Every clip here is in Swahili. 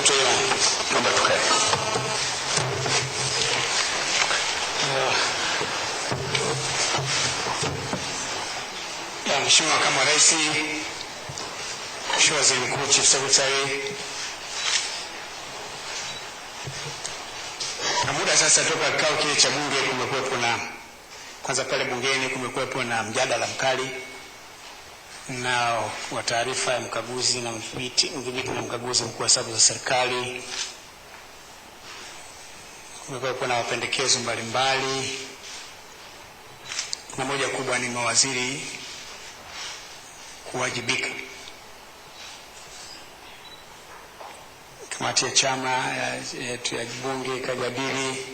Kichwa yangu naomba tukae. Ya Mheshimiwa Makamu Rais, Mheshimiwa Waziri Mkuu, Chief Secretary, na muda sasa toka kikao kile cha bunge kumekuwepo na kwanza pale bungeni kumekuwepo na mjadala mkali na wa taarifa ya mkaguzi na mdhibiti na mkaguzi mkuu wa hesabu za serikali. Kumekuwa kuna mapendekezo mbalimbali, na moja kubwa ni mawaziri kuwajibika. Kamati ya chama yetu ya bunge ikajadili,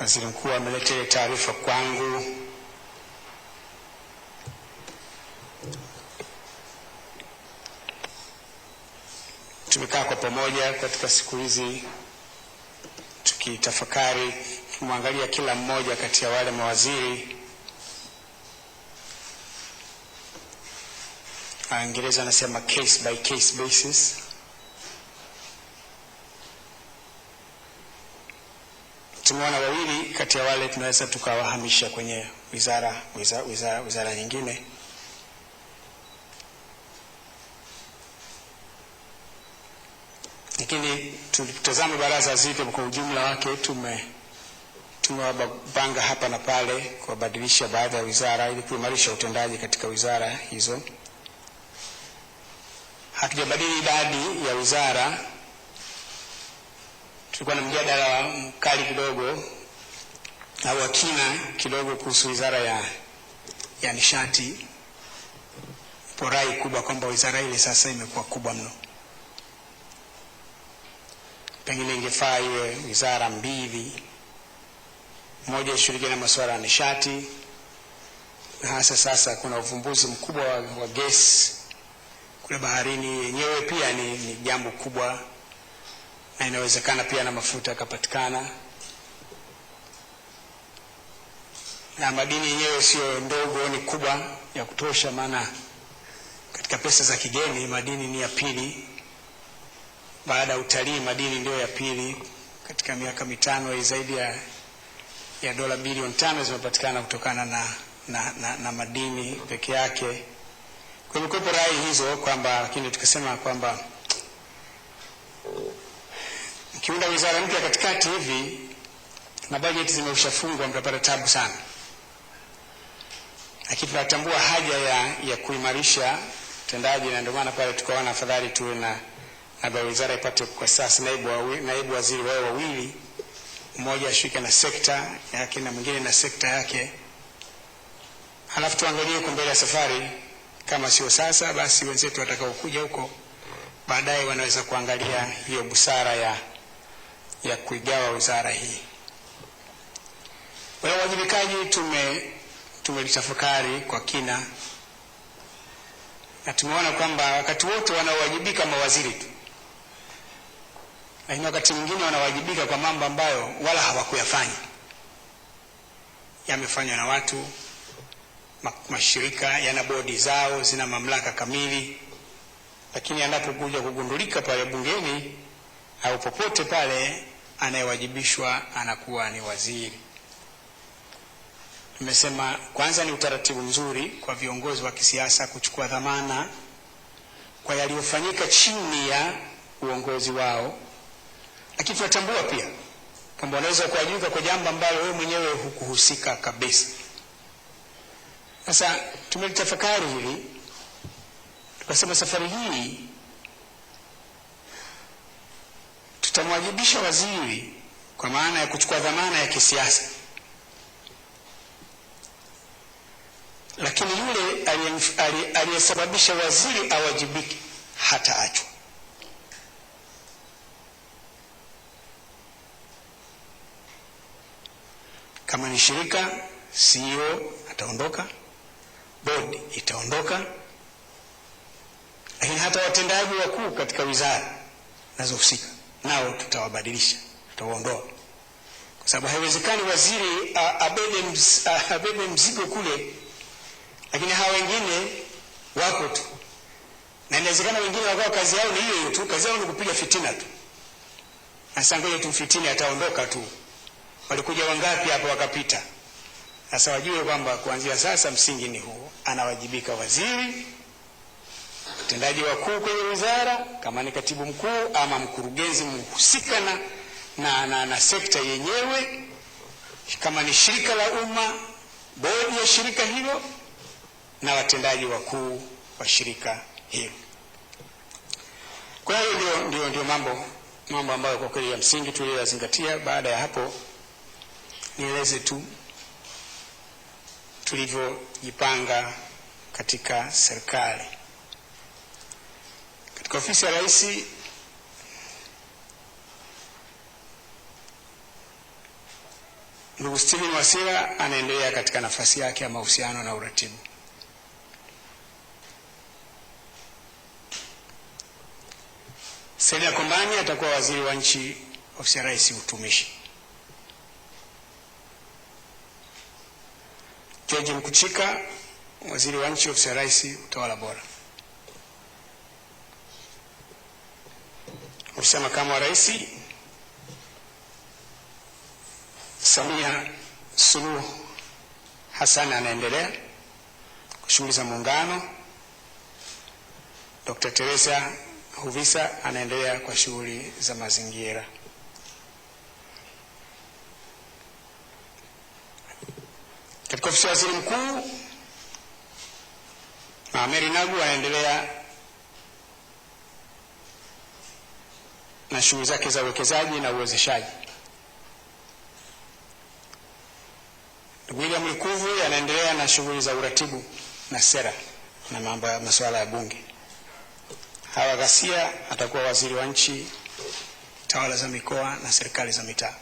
waziri mkuu ameleta taarifa kwangu tumekaa kwa pamoja katika siku hizi tukitafakari, tukimwangalia kila mmoja kati ya wale mawaziri. Waingereza anasema case by case basis, tumeona wawili kati ya wale tunaweza tukawahamisha kwenye wizara, wizara, wizara, wizara nyingine. Lakini tulitazama baraza zipya kwa ujumla wake, tume tumewapanga hapa na pale kuwabadilisha baadhi ya wizara ili kuimarisha utendaji katika wizara hizo. Hatujabadili idadi ya wizara, tulikuwa na mjadala mkali kidogo au wakina kidogo kuhusu wizara ya, ya nishati. Porai kubwa kwamba wizara ile sasa imekuwa kubwa mno pengine ingefaa iwe wizara mbili, moja ishughulike na masuala ya nishati, na hasa sasa kuna uvumbuzi mkubwa wa, wa gesi kule baharini yenyewe pia ni, ni jambo kubwa, na inawezekana pia na mafuta yakapatikana, na madini yenyewe sio ndogo, ni kubwa ya kutosha, maana katika pesa za kigeni madini ni ya pili baada ya utalii, madini ndio ya pili katika miaka mitano, zaidi ya, ya dola bilioni tano zimepatikana kutokana na, na, na, na madini peke yake. Kwa hivyo kuwepo rai hizo kwamba, lakini tukasema kwamba kiunda wizara mpya katikati hivi na bajeti zimeishafungwa, mtapata tabu sana, lakini tunatambua haja ya, ya kuimarisha utendaji, na ndio maana pale tukaona afadhali tuwe na ambayo wizara ipate kwa sasa naibu, wa, naibu waziri wao wawili, mmoja ashike na sekta yake na mwingine na sekta yake, halafu tuangalie huko mbele ya safari, kama sio sasa, basi wenzetu watakaokuja huko baadaye wanaweza kuangalia hiyo busara ya, ya kuigawa wizara hii. Kwa uwajibikaji tume tumelitafakari kwa kina na tumeona kwamba wakati wote wanaowajibika mawaziri tu lakini wakati mwingine wanawajibika kwa mambo ambayo wala hawakuyafanya, yamefanywa na watu. Mashirika yana bodi zao, zina mamlaka kamili, lakini anapokuja kugundulika pale bungeni au popote pale, anayewajibishwa anakuwa ni waziri. tumesema kwanza ni utaratibu mzuri kwa viongozi wa kisiasa kuchukua dhamana kwa yaliyofanyika chini ya uongozi wao lakini tunatambua pia kwamba wanaweza kuwajibika kwa jambo ambalo wewe mwenyewe hukuhusika kabisa. Sasa tumelitafakari hili tukasema, safari hii tutamwajibisha waziri kwa maana ya kuchukua dhamana ya kisiasa, lakini yule aliyesababisha waziri awajibike hata achwa. Kama ni shirika, CEO ataondoka, board itaondoka, lakini hata watendaji wakuu katika wizara nazohusika nao tutawabadilisha, tutawaondoa, kwa sababu haiwezekani waziri abebe, abebe mzigo kule, lakini hawa wengine wako tu, na inawezekana wengine wakawa kazi yao ni hiyo tu, kazi yao ni kupiga fitina tu. Sasa ngoja fitina, ataondoka tu. Walikuja wangapi hapa wakapita? Sasa wajue kwamba kuanzia sasa msingi ni huo anawajibika waziri mtendaji wakuu kwenye wizara, kama ni katibu mkuu ama mkurugenzi mhusika na, na, na, na sekta yenyewe, kama ni shirika la umma, bodi ya shirika hilo na watendaji wakuu wa shirika hilo. Kwa hiyo ndio, ndio, ndio mambo mambo ambayo kwa kweli ya msingi tuliyoyazingatia. Baada ya hapo nieleze tu tulivyojipanga katika serikali. Katika ofisi ya Rais ndugu Stephen Wasira anaendelea katika nafasi yake ya mahusiano na uratibu. Selina Kombani atakuwa waziri wa nchi ofisi ya Rais utumishi. George Mkuchika, waziri wa nchi ofisi ya Rais, utawala bora. Ofisi ya makamu wa Rais, Samia Suluhu Hassan anaendelea kwa shughuli za Muungano. Dr. Teresa Huvisa anaendelea kwa shughuli za mazingira. Kwa ofisi ya waziri mkuu, Mary Nagu anaendelea na shughuli zake za uwekezaji na uwezeshaji. Ndugu William Lukuvu anaendelea na shughuli za uratibu na sera na mambo ya masuala ya Bunge. Hawa Ghasia atakuwa waziri wa nchi, tawala za mikoa na serikali za mitaa.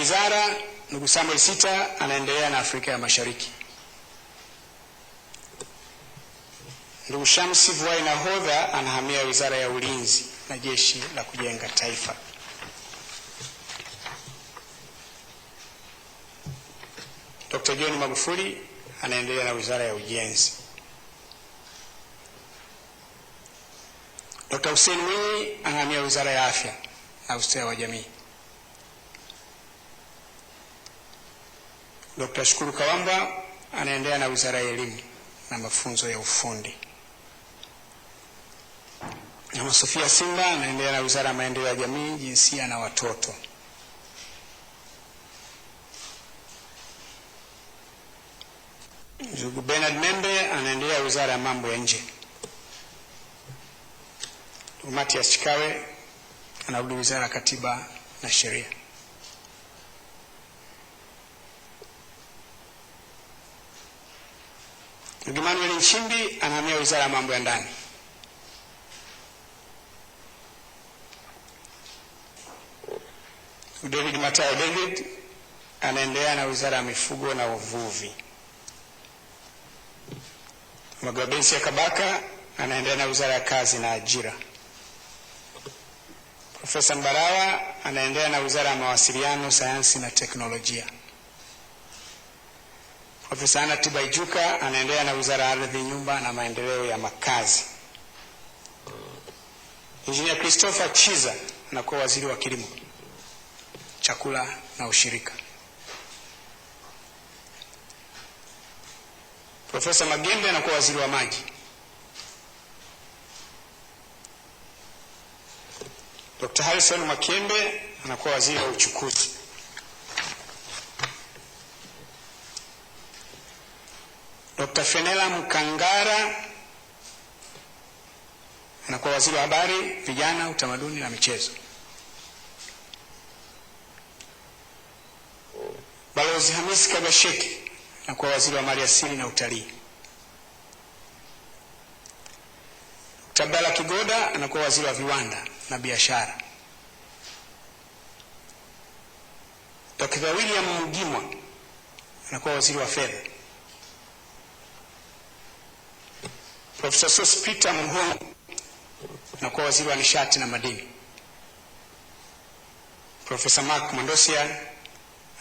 wizara ndugu Samuel Sita anaendelea na Afrika ya Mashariki. Ndugu Shamsi Vuai Nahodha anahamia wizara ya ulinzi na jeshi la kujenga taifa. Dr. John Magufuli anaendelea na wizara ya ujenzi. Dr. Hussein Mwinyi anahamia wizara ya afya na ustawi wa jamii. Dkt. Shukuru kawamba anaendelea na Wizara ya Elimu na Mafunzo ya Ufundi. Mama Sofia Simba anaendelea na Wizara ya Maendeleo ya Jamii, Jinsia na Watoto. Ndugu Bernard Membe anaendelea Wizara ya Mambo ya Nje. Ndugu Matias Chikawe anarudi Wizara ya Katiba na Sheria. anahamia wizara ya mambo ya ndani. David Matayo David anaendelea na wizara ya mifugo na uvuvi. Magabensi ya Kabaka anaendelea na wizara ya kazi na ajira. Profesa Mbarawa anaendelea na wizara ya mawasiliano, sayansi na teknolojia. Afisa Anna Tibaijuka anaendelea na wizara ya ardhi, nyumba na maendeleo ya makazi. Injinia Christopher Chiza anakuwa waziri wa kilimo, chakula na ushirika. Profesa Magembe anakuwa waziri wa maji. Dr. Harrison Mwakembe anakuwa waziri wa uchukuzi. Dr. Fenela Mkangara anakuwa waziri wa habari, vijana, utamaduni na michezo. Balozi Hamisi Kagasheki anakuwa waziri wa mali asili na utalii. Dr. Abdalla Kigoda anakuwa waziri wa viwanda na biashara. Dr. William Mugimwa anakuwa waziri wa fedha. Profesa Sospeter Mhongo na kuwa waziri wa nishati na madini. Profesa Mark Mondosian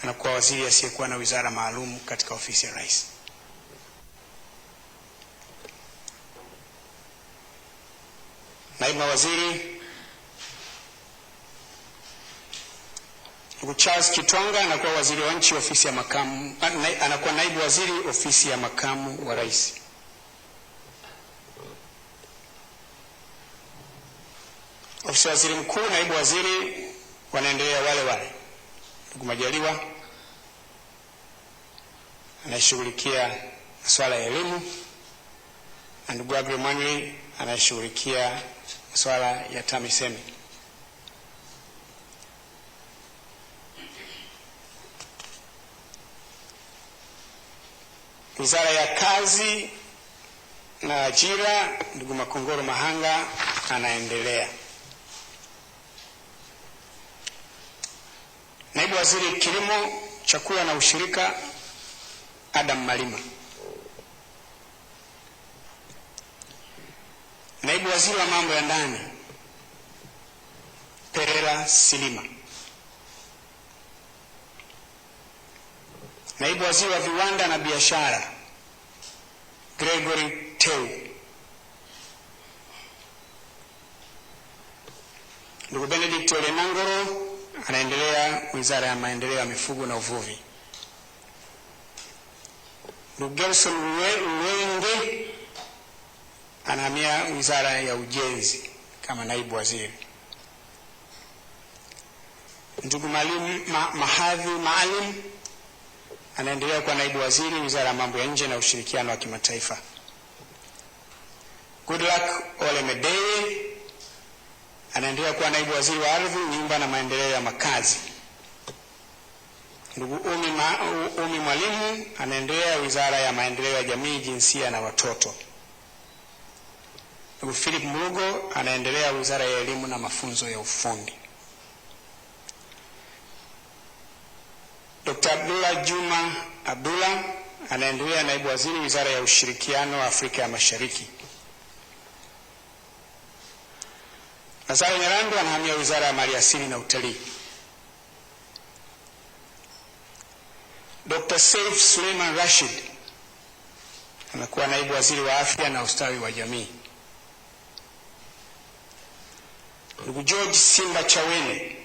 anakuwa waziri asiyekuwa na wizara maalum katika ofisi ya Rais. Naibu waziri ndugu Charles Kitwanga anakuwa waziri wa nchi ofisi ya makamu, anakuwa naibu waziri ofisi ya makamu wa Rais. Ofisi ya Waziri Mkuu, naibu waziri wanaendelea wale wale. Ndugu Majaliwa anayeshughulikia masuala ya elimu na ndugu Agri Mwanri anayeshughulikia masuala ya TAMISEMI. Wizara ya Kazi na Ajira, ndugu Makongoro Mahanga anaendelea Naibu Waziri Kilimo, Chakula na Ushirika Adam Malima. Naibu Waziri wa Mambo ya Ndani Perera Silima. Naibu Waziri wa Viwanda na Biashara Gregory Teu. Ndugu Benedict Ole Anaendelea Wizara ya Maendeleo ya Mifugo na Uvuvi. Ndugu Gerson Lwenge anahamia Wizara ya Ujenzi kama naibu waziri. Ndugu Maalim ma, Mahadhi Maalim anaendelea kuwa naibu waziri Wizara ya Mambo ya Nje na Ushirikiano wa Kimataifa. Goodluck Ole Medeye Anaendelea kuwa naibu waziri wa ardhi, nyumba na maendeleo ya makazi. Ndugu Umi, ma, Umi Mwalimu anaendelea wizara ya maendeleo ya jamii, jinsia na watoto. Ndugu Philip mrugo anaendelea wizara ya elimu na mafunzo ya ufundi. Dr. Abdullah Juma Abdullah anaendelea naibu waziri wizara ya ushirikiano wa Afrika ya Mashariki. Lazaro Nyarandu anahamia Wizara ya Maliasili na Utalii. Dr. Saif Suleiman Rashid amekuwa naibu waziri wa afya na ustawi wa jamii. Ndugu George Simba Chawene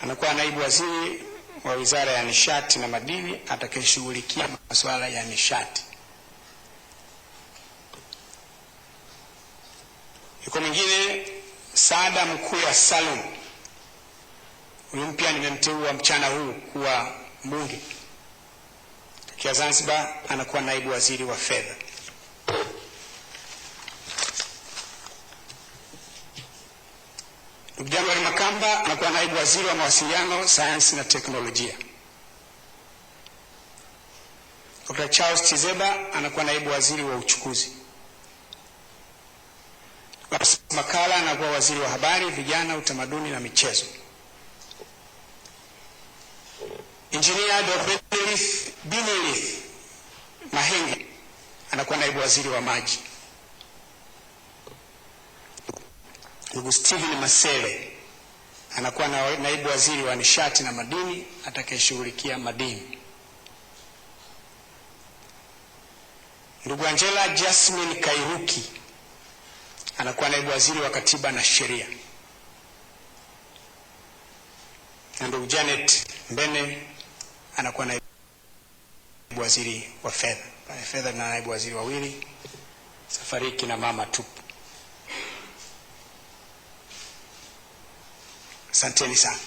anakuwa naibu waziri wa Wizara ya Nishati na Madini atakayeshughulikia masuala ya nishati. Yuko mwingine Saada mkuu ya Salum, huyu mpya nimemteua mchana huu kuwa mbunge tokea Zanzibar, anakuwa naibu waziri wa fedha. Ndugu Januari Makamba anakuwa naibu waziri wa mawasiliano, sayansi na teknolojia. Dr. Charles Tizeba anakuwa naibu waziri wa uchukuzi makala anakuwa waziri wa habari, vijana, utamaduni na michezo. Injinia Binilith Mahenge anakuwa naibu waziri wa maji. Ndugu Steven Masele anakuwa na naibu waziri wa nishati na madini atakayeshughulikia madini. Ndugu Angela Jasmine Kairuki anakuwa naibu waziri wa katiba na sheria, na ndugu Janet Mbene anakuwa naibu waziri wa fedha. Fedha na naibu waziri wawili, safari kina mama tupu. Asanteni sana.